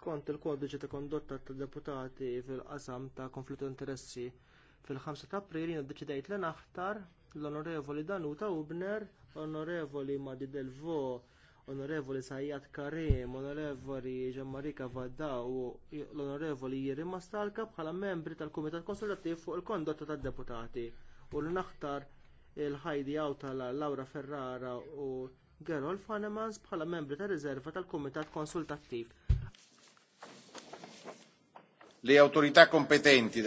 skont il-kodiċi ta' kondotta tad deputati fil-qasam ta' konflittu interessi fil-5 ta' april jien ddeċidejt li naħtar l-onorevoli Danuta Ubner, onorevoli Madi Delvo, onorevoli Sajjat Karim, onorevoli Ġammarika Vaddaw u l-onorevoli Jirim Mastalka bħala membri tal-Kumitat Konsultattiv fuq il-kondotta tad deputati u li naħtar il-ħajdi Awtala, Laura Ferrara u Gerol Fanemans bħala membri tar riserva tal-Kumitat Konsultattiv. Le autorità competenti